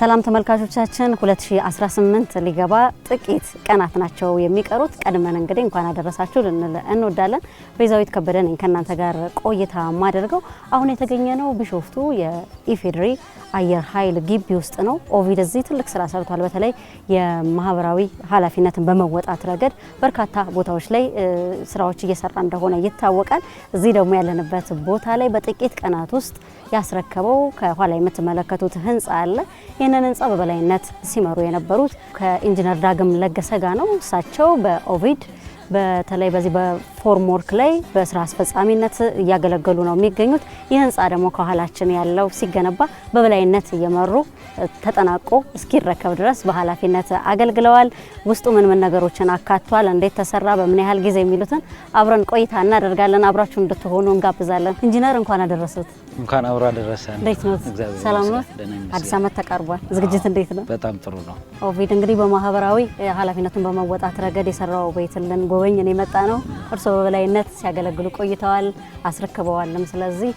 ሰላም ተመልካቾቻችን 2018 ሊገባ ጥቂት ቀናት ናቸው የሚቀሩት። ቀድመን እንግዲህ እንኳን አደረሳችሁ ልንል እንወዳለን። ቤዛዊት ከበደ ነኝ ከእናንተ ጋር ቆይታ ማደርገው። አሁን የተገኘ ነው ቢሾፍቱ የኢፌድሪ አየር ኃይል ግቢ ውስጥ ነው። ኦቪድ እዚህ ትልቅ ስራ ሰርቷል። በተለይ የማህበራዊ ኃላፊነትን በመወጣት ረገድ በርካታ ቦታዎች ላይ ስራዎች እየሰራ እንደሆነ ይታወቃል። እዚህ ደግሞ ያለንበት ቦታ ላይ በጥቂት ቀናት ውስጥ ያስረከበው ከኋላ የምትመለከቱት ህንፃ አለ። ይህንን ህንፃ በበላይነት ሲመሩ የነበሩት ከኢንጂነር ዳግም ለገሰ ጋር ነው። እሳቸው በኦቪድ በተለይ በዚህ ፎርም ወርክ ላይ በስራ አስፈጻሚነት እያገለገሉ ነው የሚገኙት። ይህ ህንፃ ደግሞ ከኋላችን ያለው ሲገነባ በበላይነት እየመሩ ተጠናቆ እስኪረከብ ድረስ በኃላፊነት አገልግለዋል። ውስጡ ምን ምን ነገሮችን አካቷል፣ እንዴት ተሰራ፣ በምን ያህል ጊዜ የሚሉትን አብረን ቆይታ እናደርጋለን። አብራችሁ እንድትሆኑ እንጋብዛለን። ኢንጂነር እንኳን አደረሱት። እንኳን አብሮ አደረሰ። እንዴት ነው? ሰላም ነው? አዲስ አመት ተቃርቧል። ዝግጅት እንዴት ነው? በጣም ጥሩ ነው። ኦቪድ እንግዲህ በማህበራዊ ኃላፊነቱን በመወጣት ረገድ የሰራው ቤት ልን የመጣ ነው እርስ ከቤተሰብ በላይነት ሲያገለግሉ ቆይተዋል፣ አስረክበዋልም። ስለዚህ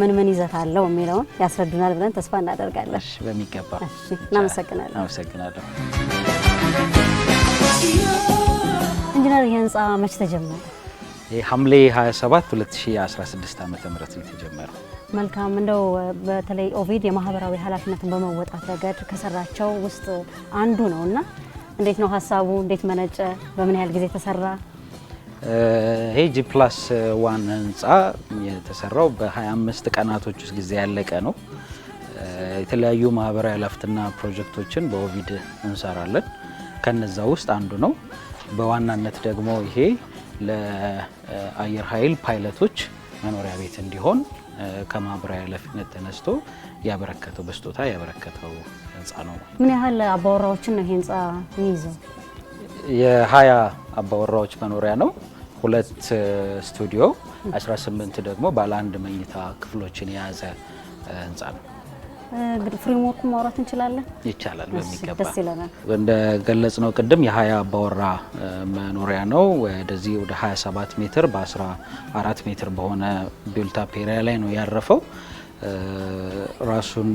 ምን ምን ይዘት አለው የሚለውን ያስረዱናል ብለን ተስፋ እናደርጋለን። በሚገባ እናመሰግናለን። ኢንጂነር ይህ ህንፃ መች ተጀመረ? ሐምሌ 27 2016 ዓ ም ነው የተጀመረ። መልካም እንደው በተለይ ኦቪድ የማህበራዊ ኃላፊነትን በመወጣት ረገድ ከሰራቸው ውስጥ አንዱ ነው እና እንዴት ነው ሀሳቡ? እንዴት መነጨ? በምን ያህል ጊዜ ተሰራ? ይሄ ፕላስ ዋን ህንፃ የተሰራው በ25 ቀናቶች ውስጥ ጊዜ ያለቀ ነው። የተለያዩ ማህበራዊ ሀላፊትና ፕሮጀክቶችን በኦቪድ እንሰራለን። ከነዛ ውስጥ አንዱ ነው። በዋናነት ደግሞ ይሄ ለአየር ኃይል ፓይለቶች መኖሪያ ቤት እንዲሆን ከማህበራዊ ኃላፊነት ተነስቶ ያበረከተው በስጦታ ያበረከተው ህንፃ ነው። ምን ያህል አባወራዎችን ነው ይሄ ህንፃ የሚይዘው? የሀያ አባወራዎች መኖሪያ ነው። ሁለት ስቱዲዮ 18 ደግሞ ባለ አንድ መኝታ ክፍሎችን የያዘ ህንፃ ነው። እንግዲህ ፍሬምወርኩ ማውራት እንችላለን። ይቻላል በሚገባ እንደገለጽ ነው ቅድም የ20 አባወራ መኖሪያ ነው። ወደዚህ ወደ 27 ሜትር በ14 ሜትር በሆነ ቢልታፕ ኤሪያ ላይ ነው ያረፈው። ራሱን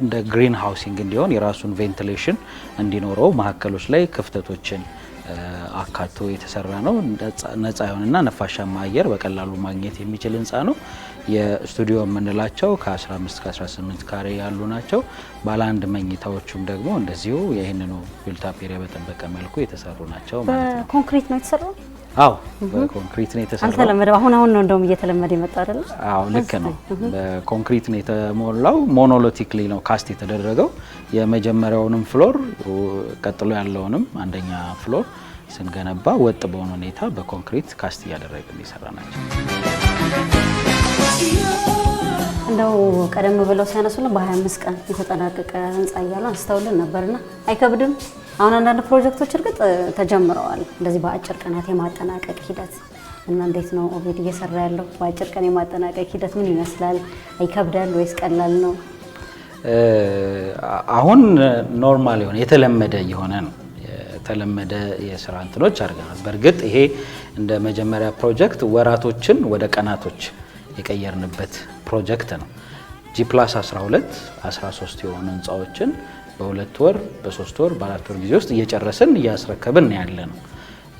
እንደ ግሪን ሃውሲንግ እንዲሆን የራሱን ቬንቲሌሽን እንዲኖረው መሀከሎች ላይ ክፍተቶችን አካቶ የተሰራ ነው። ነጻ የሆነና ነፋሻማ አየር በቀላሉ ማግኘት የሚችል ህንፃ ነው። የስቱዲዮ የምንላቸው ከ15 ከ18 ካሬ ያሉ ናቸው። ባለ አንድ መኝታዎቹም ደግሞ እንደዚሁ ይህንኑ ቢልታፔሪያ በጠበቀ መልኩ የተሰሩ ናቸው ማለት ነው። ኮንክሪት ነው የተሰራው አዎ በኮንክሪት ነው የተሰራው። አልተለመደም። አሁን አሁን ነው እንደውም እየተለመደ የመጣ አይደለ? አዎ ልክ ነው። በኮንክሪት ነው የተሞላው። ሞኖሊቲክሊ ነው ካስት የተደረገው። የመጀመሪያውንም ፍሎር ቀጥሎ ያለውንም አንደኛ ፍሎር ስንገነባ ወጥ በሆነ ሁኔታ በኮንክሪት ካስት እያደረግን የሰራ ናቸው። እንደው ቀደም ብለው ሲያነሱልን በ25 ቀን የተጠናቀቀ ህንፃ እያሉ አንስተውልን ነበርና አይከብድም? አሁን አንዳንድ ፕሮጀክቶች እርግጥ ተጀምረዋል። እንደዚህ በአጭር ቀናት የማጠናቀቅ ሂደት እና እንዴት ነው ኦቪድ እየሰራ ያለው? በአጭር ቀን የማጠናቀቅ ሂደት ምን ይመስላል? ይከብዳል ወይስ ቀላል ነው? አሁን ኖርማል የሆነ የተለመደ የሆነ ነው የተለመደ የስራ እንትኖች አድርገናል። በእርግጥ ይሄ እንደ መጀመሪያ ፕሮጀክት ወራቶችን ወደ ቀናቶች የቀየርንበት ፕሮጀክት ነው። ጂ ፕላስ 12 13 የሆኑ ህንፃዎችን በሁለት ወር በሶስት ወር በአራት ወር ጊዜ ውስጥ እየጨረስን እያስረከብን ያለ ነው።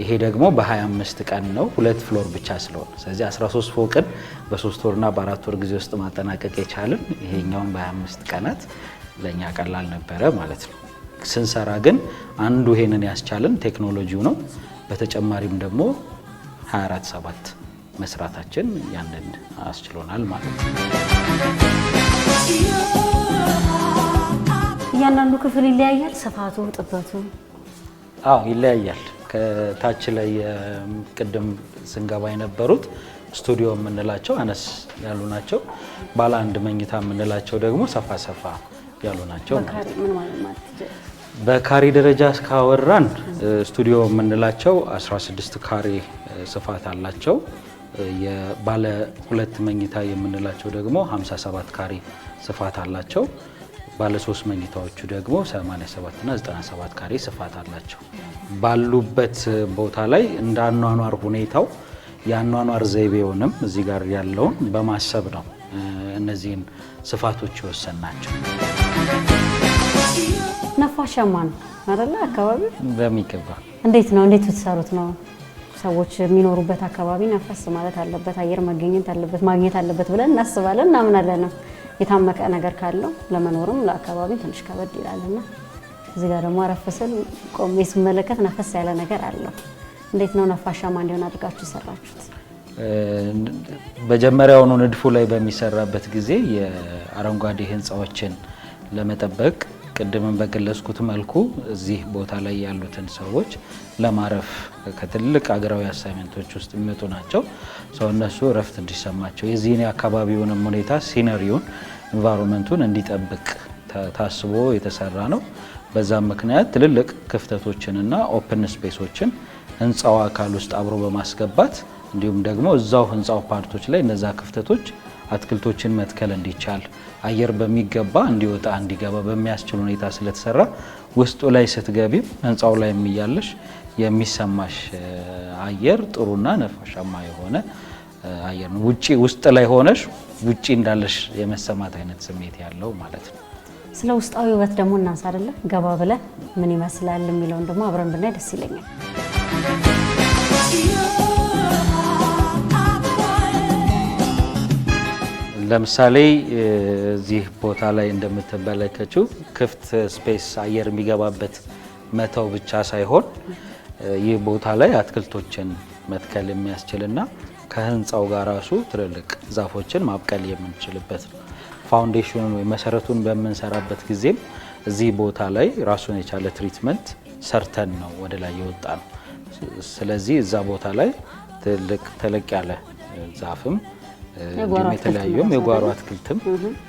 ይሄ ደግሞ በ25 ቀን ነው፣ ሁለት ፍሎር ብቻ ስለሆነ ስለዚህ 13 ፎቅን በሶስት ወርና በአራት ወር ጊዜ ውስጥ ማጠናቀቅ የቻልን ይሄኛውን በ25 ቀናት ለእኛ ቀላል ነበረ ማለት ነው። ስንሰራ ግን አንዱ ይሄንን ያስቻልን ቴክኖሎጂው ነው። በተጨማሪም ደግሞ 24 ሰባት መስራታችን ያንን አስችሎናል ማለት ነው። እያንዳንዱ ክፍል ይለያያል፣ ስፋቱ ጥበቱ? አዎ ይለያያል። ከታች ላይ ቅድም ስንገባ የነበሩት ስቱዲዮ የምንላቸው አነስ ያሉ ናቸው። ባለ አንድ መኝታ የምንላቸው ደግሞ ሰፋ ሰፋ ያሉ ናቸው። በካሬ ደረጃ እስካወራን ስቱዲዮ የምንላቸው 16 ካሬ ስፋት አላቸው። ባለ ሁለት መኝታ የምንላቸው ደግሞ 57 ካሬ ስፋት አላቸው። ባለ ሶስት መኝታዎቹ ደግሞ 87ና 97 ካሬ ስፋት አላቸው። ባሉበት ቦታ ላይ እንደ አኗኗር ሁኔታው የአኗኗር ዘይቤውንም እዚህ ጋር ያለውን በማሰብ ነው እነዚህን ስፋቶች የወሰን ናቸው። ነፋሻማ ነው አይደለ? አካባቢ በሚገባ እንዴት ነው እንዴት ትሰሩት ነው? ሰዎች የሚኖሩበት አካባቢ ነፋስ ማለት አለበት፣ አየር መገኘት አለበት፣ ማግኘት አለበት ብለን እናስባለን እናምናለን ነው የታመቀ ነገር ካለው ለመኖርም ለአካባቢ ትንሽ ከበድ ይላልና እዚህ ጋር ደግሞ አረፍ ስል ቆሜ ስመለከት ነፈስ ያለ ነገር አለው። እንዴት ነው ነፋሻማ እንዲሆን አድርጋችሁ የሰራችሁት? በጀመሪያውኑ ንድፉ ላይ በሚሰራበት ጊዜ የአረንጓዴ ህንፃዎችን ለመጠበቅ ቅድምን በገለጽኩት መልኩ እዚህ ቦታ ላይ ያሉትን ሰዎች ለማረፍ ከትልቅ አገራዊ አሳይመንቶች ውስጥ የሚመጡ ናቸው። ሰው እነሱ እረፍት እንዲሰማቸው የዚህን የአካባቢውንም ሁኔታ ሲነሪውን፣ ኢንቫይሮንመንቱን እንዲጠብቅ ታስቦ የተሰራ ነው። በዛም ምክንያት ትልልቅ ክፍተቶችንና ኦፕን ስፔሶችን ህንፃው አካል ውስጥ አብሮ በማስገባት እንዲሁም ደግሞ እዛው ህንፃው ፓርቶች ላይ እነዛ ክፍተቶች አትክልቶችን መትከል እንዲቻል አየር በሚገባ እንዲወጣ እንዲገባ በሚያስችል ሁኔታ ስለተሰራ ውስጡ ላይ ስትገቢም ህንፃው ላይ የሚያለሽ የሚሰማሽ አየር ጥሩና ነፋሻማ የሆነ አየር ነው። ውጪ ውስጥ ላይ ሆነሽ ውጪ እንዳለሽ የመሰማት አይነት ስሜት ያለው ማለት ነው። ስለ ውስጣዊ ውበት ደግሞ እናንሳ አይደለም ገባ ብለ ምን ይመስላል የሚለውን ደግሞ አብረን ብናይ ደስ ይለኛል። ለምሳሌ እዚህ ቦታ ላይ እንደምትመለከችው ክፍት ስፔስ አየር የሚገባበት መተው ብቻ ሳይሆን ይህ ቦታ ላይ አትክልቶችን መትከል የሚያስችልና ከህንፃው ጋር ራሱ ትልልቅ ዛፎችን ማብቀል የምንችልበት ነው። ፋውንዴሽኑን ወይ መሰረቱን በምንሰራበት ጊዜም እዚህ ቦታ ላይ ራሱን የቻለ ትሪትመንት ሰርተን ነው ወደ ላይ የወጣ ነው። ስለዚህ እዛ ቦታ ላይ ትልቅ ተለቅ ያለ ዛፍም የተለያዩም የጓሮ አትክልትም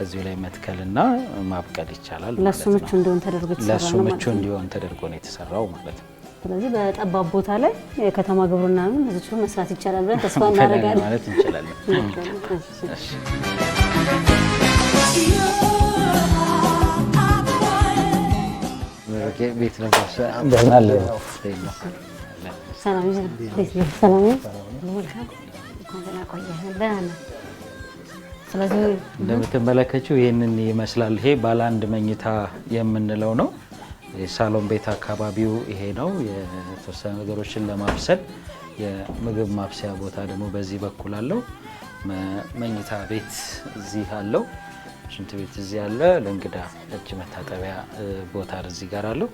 እዚሁ ላይ መትከልና ማብቀል ይቻላል። ለሱ ምቹ እንዲሆን ተደርጎ ለሱ ምቹ እንዲሆን ተደርጎ ነው የተሰራው ማለት ነው። ስለዚህ በጠባብ ቦታ ላይ የከተማ ግብርና ምን እዚች መስራት ይቻላል ብለን ተስፋ እናደርጋለን ማለት እንችላለን። ቤት ሰላም ሰላም ስለዚህ እንደምትመለከችው ይህንን ይመስላል። ይሄ ባለ አንድ መኝታ የምንለው ነው። የሳሎን ቤት አካባቢው ይሄ ነው። የተወሰነ ነገሮችን ለማብሰል የምግብ ማብሰያ ቦታ ደግሞ በዚህ በኩል አለው። መኝታ ቤት እዚህ አለው። ሽንት ቤት እዚህ አለ። ለእንግዳ እጅ መታጠቢያ ቦታ እዚህ ጋር አለው።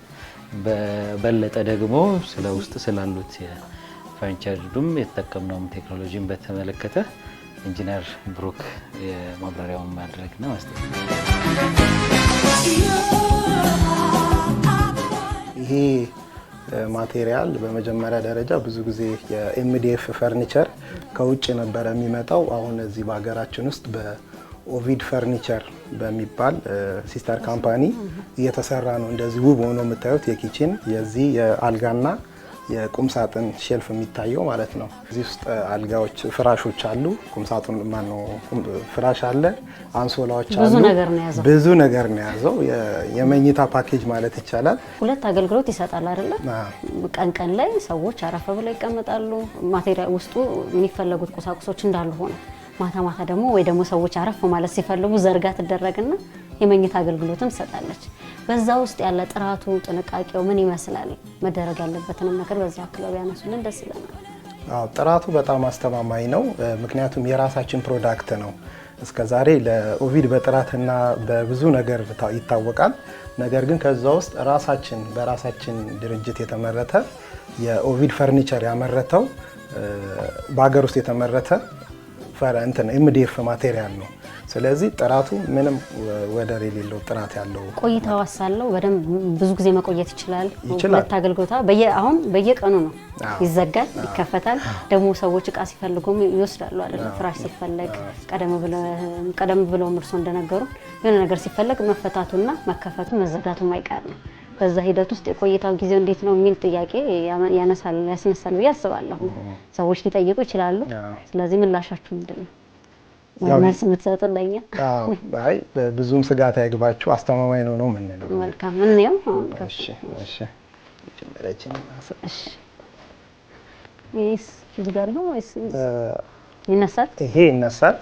በበለጠ ደግሞ ስለ ውስጥ ስላሉት የፈርኒቸር ዱም የተጠቀምነውም ቴክኖሎጂን በተመለከተ ኢንጂነር ብሩክ ማድረግ ነው መስጠት። ይሄ ማቴሪያል በመጀመሪያ ደረጃ ብዙ ጊዜ የኤምዲኤፍ ፈርኒቸር ከውጭ ነበረ የሚመጣው። አሁን እዚህ በሀገራችን ውስጥ በኦቪድ ፈርኒቸር በሚባል ሲስተር ካምፓኒ እየተሰራ ነው። እንደዚህ ውብ ሆኖ የምታዩት የኪችን የዚህ የአልጋና የቁምሳጥን ሼልፍ የሚታየው ማለት ነው። እዚህ ውስጥ አልጋዎች፣ ፍራሾች አሉ። ቁምሳጥን ማነው ፍራሽ አለ፣ አንሶላዎች አሉ። ብዙ ነገር ነው የያዘው። የመኝታ ፓኬጅ ማለት ይቻላል። ሁለት አገልግሎት ይሰጣል አይደለ? ቀን ቀን ላይ ሰዎች አረፈ ብለው ይቀመጣሉ። ማቴሪያል ውስጡ የሚፈለጉት ቁሳቁሶች እንዳሉ ሆነ፣ ማታ ማታ ደግሞ ወይ ደግሞ ሰዎች አረፍ ማለት ሲፈልጉ ዘርጋ ትደረግና የመኝታ አገልግሎትም ትሰጣለች። በዛ ውስጥ ያለ ጥራቱ፣ ጥንቃቄው ምን ይመስላል? መደረግ ያለበትንም ነገር በዚህ አካባቢ ያነሱልን ደስ ይለናል። ጥራቱ በጣም አስተማማኝ ነው። ምክንያቱም የራሳችን ፕሮዳክት ነው። እስከ ዛሬ ለኦቪድ በጥራትና በብዙ ነገር ይታወቃል። ነገር ግን ከዛ ውስጥ ራሳችን በራሳችን ድርጅት የተመረተ የኦቪድ ፈርኒቸር ያመረተው በሀገር ውስጥ የተመረተ ኤምዲኤፍ ማቴሪያል ነው። ስለዚህ ጥራቱ ምንም ወደር የሌለው ጥራት ያለው ቆይታ ዋሳለው በደንብ ብዙ ጊዜ መቆየት ይችላል። ሁለት አገልግሎታ አሁን በየቀኑ ነው ይዘጋል፣ ይከፈታል። ደግሞ ሰዎች እቃ ሲፈልጉም ይወስዳሉ አይደለ? ፍራሽ ሲፈለግ ቀደም ብለውም እርሶ እንደነገሩ የሆነ ነገር ሲፈለግ መፈታቱና መከፈቱ መዘጋቱ ማይቀር ነው። በዛ ሂደት ውስጥ የቆይታ ጊዜው እንዴት ነው የሚል ጥያቄ ያነሳል ያስነሳል ብዬ አስባለሁ። ሰዎች ሊጠይቁ ይችላሉ። ስለዚህ ምላሻችሁ ምንድን ነው? መልስ የምትሰጡ ለኛ? አይ ብዙም ስጋት አይግባችሁ፣ አስተማማኝ ነው ነው የምንለው። መልካም እንየው። እሺ እሺ ይነሳል፣ ይሄ ይነሳል።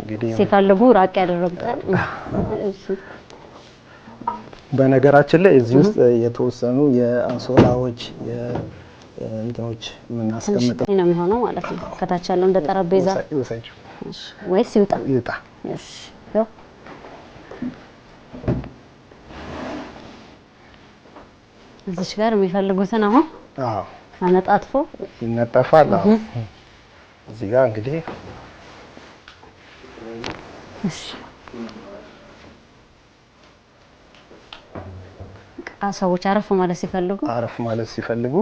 እንግዲህ ሲፈልጉ ራቅ ያደረጉታል። እሺ በነገራችን ላይ እዚህ ውስጥ የተወሰኑ የአንሶላዎች እንትኖች የምናስቀምጠው ነው የሚሆነው ማለት ነው። ከታች ያለው እንደ ጠረጴዛ ወይስ ይውጣ? ይውጣ። እዚች ጋር የሚፈልጉትን አሁን አነጣጥፎ ይነጠፋል። እዚህ ጋር እንግዲህ ሰዎች አረፍ ማለት ሲፈልጉ አረፍ ማለት ሲፈልጉ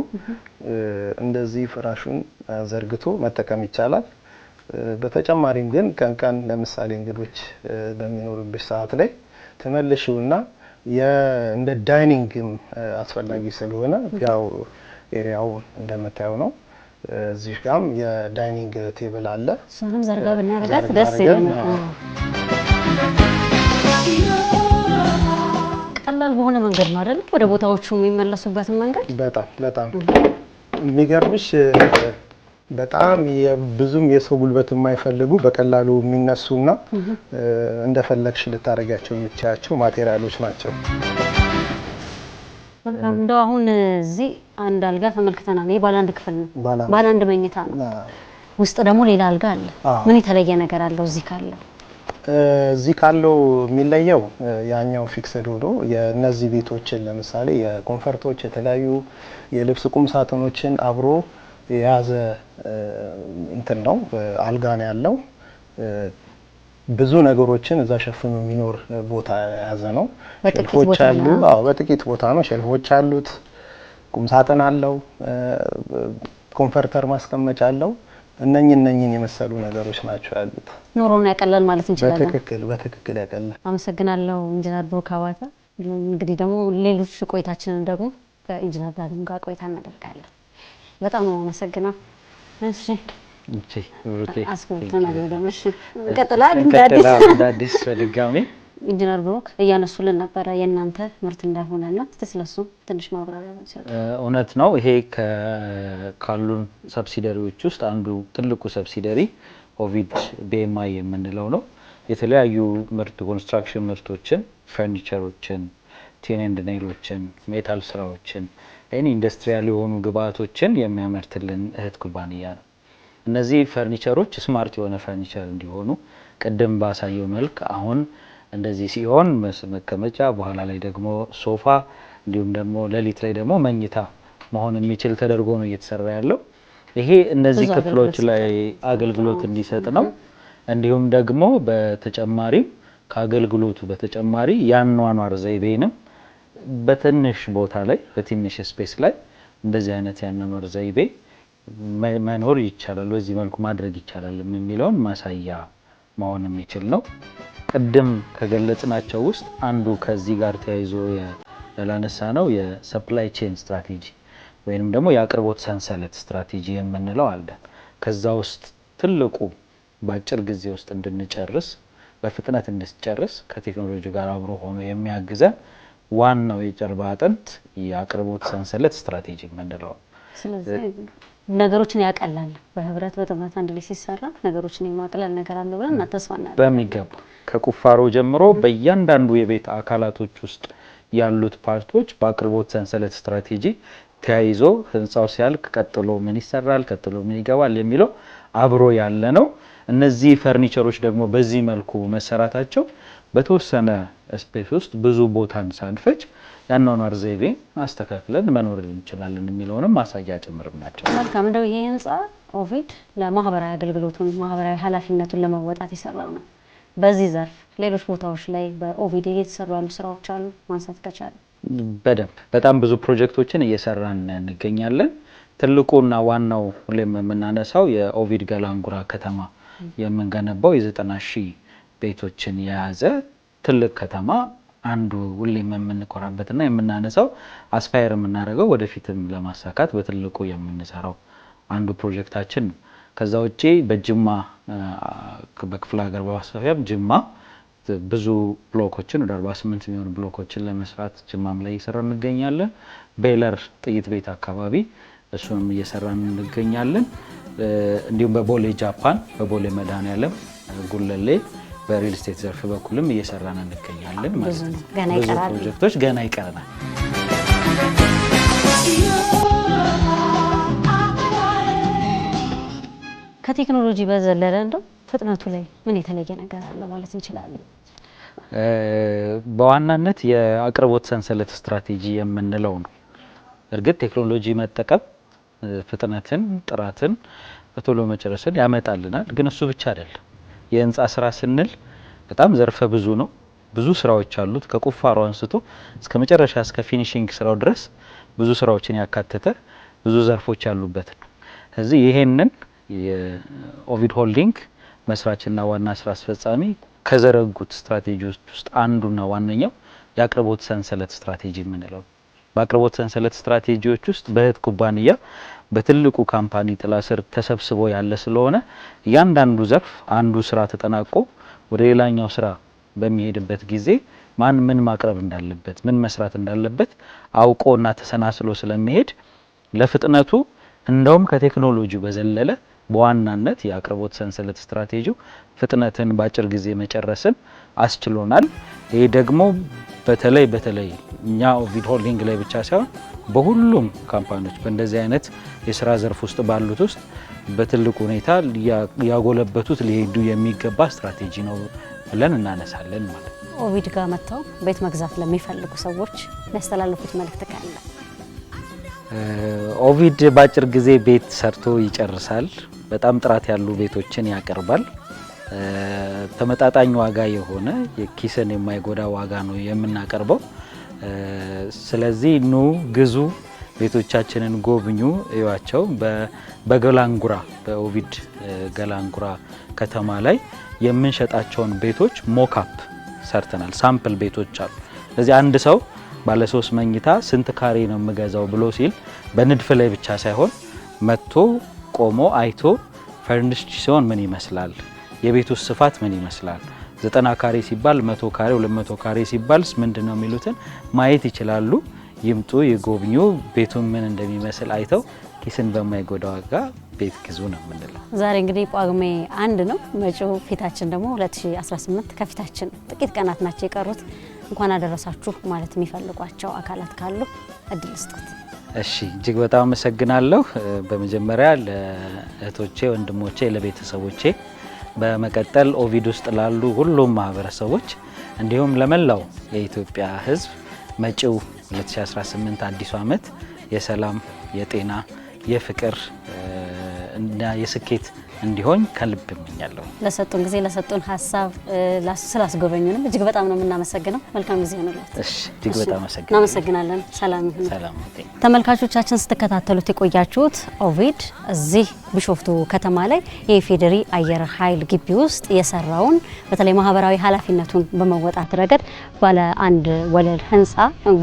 እንደዚህ ፍራሹን ዘርግቶ መጠቀም ይቻላል። በተጨማሪም ግን ቀን ቀን ለምሳሌ እንግዶች በሚኖሩበት ሰዓት ላይ ትመልሽውና እንደ ዳይኒንግም አስፈላጊ ስለሆነ ያው ኤሪያው እንደምታየው ነው። እዚህ ጋም የዳይኒንግ ቴብል አለ። እሱንም ዘርጋ ብናደርጋት ደስ ይለናል። ቀላል በሆነ መንገድ ነው አይደል? ወደ ቦታዎቹ የሚመለሱበትን መንገድ በጣም በጣም የሚገርምሽ በጣም ብዙም የሰው ጉልበት የማይፈልጉ በቀላሉ የሚነሱና እንደፈለግሽ ልታደርጋቸው የምትችያቸው ማቴሪያሎች ናቸው። እንደው አሁን እዚህ አንድ አልጋ ተመልክተናል። ይሄ ባለ አንድ ክፍል ነው፣ ባለ አንድ መኝታ ነው። ውስጥ ደግሞ ሌላ አልጋ አለ። ምን የተለየ ነገር አለው እዚህ ካለው? እዚህ ካለው የሚለየው ያኛው ፊክስድ ሆኖ የእነዚህ ቤቶችን ለምሳሌ የኮንፈርቶች የተለያዩ የልብስ ቁም ሳጥኖችን አብሮ የያዘ እንትን ነው። አልጋን ያለው። ብዙ ነገሮችን እዛ ሸፍኖ የሚኖር ቦታ የያዘ ነው። ሸልፎች አሉ። አዎ በጥቂት ቦታ ነው። ሸልፎች አሉት። ቁም ሳጥን አለው። ኮንፈርተር ማስቀመጫ አለው። እነኝ እነኝን የመሰሉ ነገሮች ናቸው ያሉት። ኑሮን ያቀላል ማለት እንችላለን። በትክክል በትክክል ያቀላል። አመሰግናለሁ ኢንጂነር ብሩክ አባተ። እንግዲህ ደግሞ ሌሎች ቆይታችንን ደግሞ ከኢንጂነር ዳግም ጋር ቆይታ እናደርጋለን። በጣም ነው አመሰግናለሁ። እሺ እንቺ ብሩክ አስቆጥተናል። ደግሞ እሺ እንቀጥላለን። እንደ አዲስ በድጋሚ ኢንጂነር ብሩክ እያነሱልን ነበረ የእናንተ ምርት እንዳልሆነ ና ስ ስለሱ ትንሽ ማብራሪያ እውነት ነው። ይሄ ካሉን ሰብሲደሪዎች ውስጥ አንዱ ትልቁ ሰብሲደሪ ኦቪድ ቤማይ የምንለው ነው። የተለያዩ ምርት ኮንስትራክሽን ምርቶችን፣ ፈርኒቸሮችን፣ ቴንንድ ኔሎችን፣ ሜታል ስራዎችን፣ ይህን ኢንዱስትሪያል የሆኑ ግብአቶችን የሚያመርትልን እህት ኩባንያ ነው። እነዚህ ፈርኒቸሮች ስማርት የሆነ ፈርኒቸር እንዲሆኑ ቅድም ባሳየው መልክ አሁን እንደዚህ ሲሆን መቀመጫ፣ በኋላ ላይ ደግሞ ሶፋ እንዲሁም ደግሞ ሌሊት ላይ ደግሞ መኝታ መሆን የሚችል ተደርጎ ነው እየተሰራ ያለው። ይሄ እነዚህ ክፍሎች ላይ አገልግሎት እንዲሰጥ ነው። እንዲሁም ደግሞ በተጨማሪ ከአገልግሎቱ በተጨማሪ ያኗኗር ዘይቤንም በትንሽ ቦታ ላይ በትንሽ ስፔስ ላይ እንደዚህ አይነት ያኗኗር ዘይቤ መኖር ይቻላል፣ በዚህ መልኩ ማድረግ ይቻላል የሚለውን ማሳያ መሆን የሚችል ነው። ቅድም ከገለጽናቸው ውስጥ አንዱ ከዚህ ጋር ተያይዞ ላነሳ ነው የሰፕላይ ቼን ስትራቴጂ ወይንም ደግሞ የአቅርቦት ሰንሰለት ስትራቴጂ የምንለው አለ። ከዛ ውስጥ ትልቁ በአጭር ጊዜ ውስጥ እንድንጨርስ በፍጥነት እንድንጨርስ ከቴክኖሎጂ ጋር አብሮ ሆኖ የሚያግዘን ዋናው የጀርባ አጥንት የአቅርቦት ሰንሰለት ስትራቴጂ የምንለው ነገሮችን ያቀላል። በህብረት በጥምረት አንድ ላይ ሲሰራ ነገሮችን የማቅለል ነገር አለው ብለን ተስፋ እናደርጋለን። በሚገባ ከቁፋሮ ጀምሮ በእያንዳንዱ የቤት አካላቶች ውስጥ ያሉት ፓርቶች በአቅርቦት ሰንሰለት ስትራቴጂ ተያይዞ ህንፃው ሲያልቅ ቀጥሎ ምን ይሰራል፣ ቀጥሎ ምን ይገባል የሚለው አብሮ ያለ ነው። እነዚህ ፈርኒቸሮች ደግሞ በዚህ መልኩ መሰራታቸው በተወሰነ ስፔስ ውስጥ ብዙ ቦታን ሳንፈጅ የአኗኗር ዘይቤ አስተካክለን መኖር እንችላለን የሚለውንም ማሳያ ጭምርም ናቸው። መልካም እንደው ይሄ ህንፃ ኦቪድ ለማህበራዊ አገልግሎቱን ማህበራዊ ኃላፊነቱን ለመወጣት ይሰራል ነው። በዚህ ዘርፍ ሌሎች ቦታዎች ላይ በኦቪድ እየተሰሩ ያሉ ስራዎች አሉ ማንሳት ከቻለ በደንብ በጣም ብዙ ፕሮጀክቶችን እየሰራን እንገኛለን። ትልቁና ዋናው ሁሌም የምናነሳው የኦቪድ ገላንጉራ ከተማ የምንገነባው የዘጠና ሺህ ቤቶችን የያዘ ትልቅ ከተማ አንዱ ሁሌም የምንኮራበትና የምናነሳው አስፓየር የምናደርገው ወደፊትም ለማሳካት በትልቁ የምንሰራው አንዱ ፕሮጀክታችን ነው። ከዛ ውጪ በጅማ በክፍለ ሀገር በማስፋፊያም ጅማ ብዙ ብሎኮችን ወደ 48 የሚሆኑ ብሎኮችን ለመስራት ጅማም ላይ እየሰራ እንገኛለን። ቤለር ጥይት ቤት አካባቢ እሱንም እየሰራን እንገኛለን። እንዲሁም በቦሌ ጃፓን በቦሌ መድኃኔዓለም ጉለሌ በሪል ስቴት ዘርፍ በኩልም እየሰራን እንገኛለን ማለት ነው። ብዙ ፕሮጀክቶች ገና ይቀርናል። ከቴክኖሎጂ በዘለለ እንደው ፍጥነቱ ላይ ምን የተለየ ነገር አለ ማለት እንችላለን? በዋናነት የአቅርቦት ሰንሰለት ስትራቴጂ የምንለው ነው። እርግጥ ቴክኖሎጂ መጠቀም ፍጥነትን፣ ጥራትን፣ በቶሎ መጨረስን ያመጣልናል። ግን እሱ ብቻ አይደለም። የህንፃ ስራ ስንል በጣም ዘርፈ ብዙ ነው። ብዙ ስራዎች አሉት። ከቁፋሮ አንስቶ እስከ መጨረሻ እስከ ፊኒሽንግ ስራው ድረስ ብዙ ስራዎችን ያካተተ ብዙ ዘርፎች ያሉበት ነው። እዚህ ይሄንን የኦቪድ ሆልዲንግ መስራችና ዋና ስራ አስፈጻሚ ከዘረጉት ስትራቴጂዎች ውስጥ አንዱና ዋነኛው የአቅርቦት ሰንሰለት ስትራቴጂ የምንለው በአቅርቦት ሰንሰለት ስትራቴጂዎች ውስጥ በእህት ኩባንያ በትልቁ ካምፓኒ ጥላ ስር ተሰብስቦ ያለ ስለሆነ እያንዳንዱ ዘርፍ አንዱ ስራ ተጠናቆ ወደ ሌላኛው ስራ በሚሄድበት ጊዜ ማን ምን ማቅረብ እንዳለበት ምን መስራት እንዳለበት አውቆ እና ተሰናስሎ ስለሚሄድ ለፍጥነቱ እንደውም ከቴክኖሎጂ በዘለለ በዋናነት የአቅርቦት ሰንሰለት ስትራቴጂው ፍጥነትን በአጭር ጊዜ መጨረስን አስችሎናል። ይህ ደግሞ በተለይ በተለይ እኛ ኦቪድ ሆልዲንግ ላይ ብቻ ሳይሆን በሁሉም ካምፓኒዎች በእንደዚህ አይነት የስራ ዘርፍ ውስጥ ባሉት ውስጥ በትልቅ ሁኔታ ያጎለበቱት ሊሄዱ የሚገባ ስትራቴጂ ነው ብለን እናነሳለን ማለት ነው። ኦቪድ ጋር መጥተው ቤት መግዛት ለሚፈልጉ ሰዎች የሚያስተላልፉት መልእክት ካለ ኦቪድ በአጭር ጊዜ ቤት ሰርቶ ይጨርሳል። በጣም ጥራት ያሉ ቤቶችን ያቀርባል። ተመጣጣኝ ዋጋ የሆነ የኪስን የማይጎዳ ዋጋ ነው የምናቀርበው። ስለዚህ ኑ ግዙ፣ ቤቶቻችንን ጎብኙ፣ እዩዋቸው። በገላንጉራ በኦቪድ ገላንጉራ ከተማ ላይ የምንሸጣቸውን ቤቶች ሞካፕ ሰርተናል። ሳምፕል ቤቶች አሉ። ስለዚህ አንድ ሰው ባለሶስት መኝታ ስንት ካሬ ነው የምገዛው ብሎ ሲል በንድፍ ላይ ብቻ ሳይሆን መጥቶ ቆሞ አይቶ ፈርኒሽድ ሲሆን ምን ይመስላል፣ የቤቱ ስፋት ምን ይመስላል፣ ዘጠና ካሬ ሲባል መቶ ካሬ ሁለት መቶ ካሬ ሲባልስ ምንድን ነው የሚሉትን ማየት ይችላሉ። ይምጡ፣ ይጎብኙ። ቤቱን ምን እንደሚመስል አይተው ኪስን በማይጎዳ ዋጋ ቤት ግዙ ነው የምንለው። ዛሬ እንግዲህ ጳጉሜ አንድ ነው። መጪው ፊታችን ደግሞ 2018 ከፊታችን ጥቂት ቀናት ናቸው የቀሩት። እንኳን አደረሳችሁ ማለት የሚፈልጓቸው አካላት ካሉ እድል ስጡት። እሺ እጅግ በጣም አመሰግናለሁ። በመጀመሪያ ለእህቶቼ፣ ወንድሞቼ፣ ለቤተሰቦቼ በመቀጠል ኦቪድ ውስጥ ላሉ ሁሉም ማህበረሰቦች እንዲሁም ለመላው የኢትዮጵያ ሕዝብ መጪው 2018 አዲሱ ዓመት የሰላም፣ የጤና፣ የፍቅር እና የስኬት እንዲሆን ከልብ እመኛለሁ። ለሰጡን ጊዜ ለሰጡን ሀሳብ ስላስጎበኙንም እጅግ በጣም ነው የምናመሰግነው። መልካም ጊዜ ሆንላት። እጅግ በጣም እናመሰግናለን። ሰላም ይሁን። ተመልካቾቻችን ስትከታተሉት የቆያችሁት ኦቪድ እዚህ ቢሾፍቱ ከተማ ላይ የኢፌዴሪ አየር ኃይል ግቢ ውስጥ የሰራውን በተለይ ማህበራዊ ኃላፊነቱን በመወጣት ረገድ ባለ አንድ ወለል ህንፃ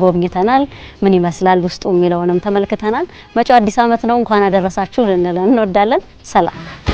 ጎብኝተናል። ምን ይመስላል ውስጡ የሚለውንም ተመልክተናል። መጪው አዲስ ዓመት ነው። እንኳን አደረሳችሁ ልንለን እንወዳለን። ሰላም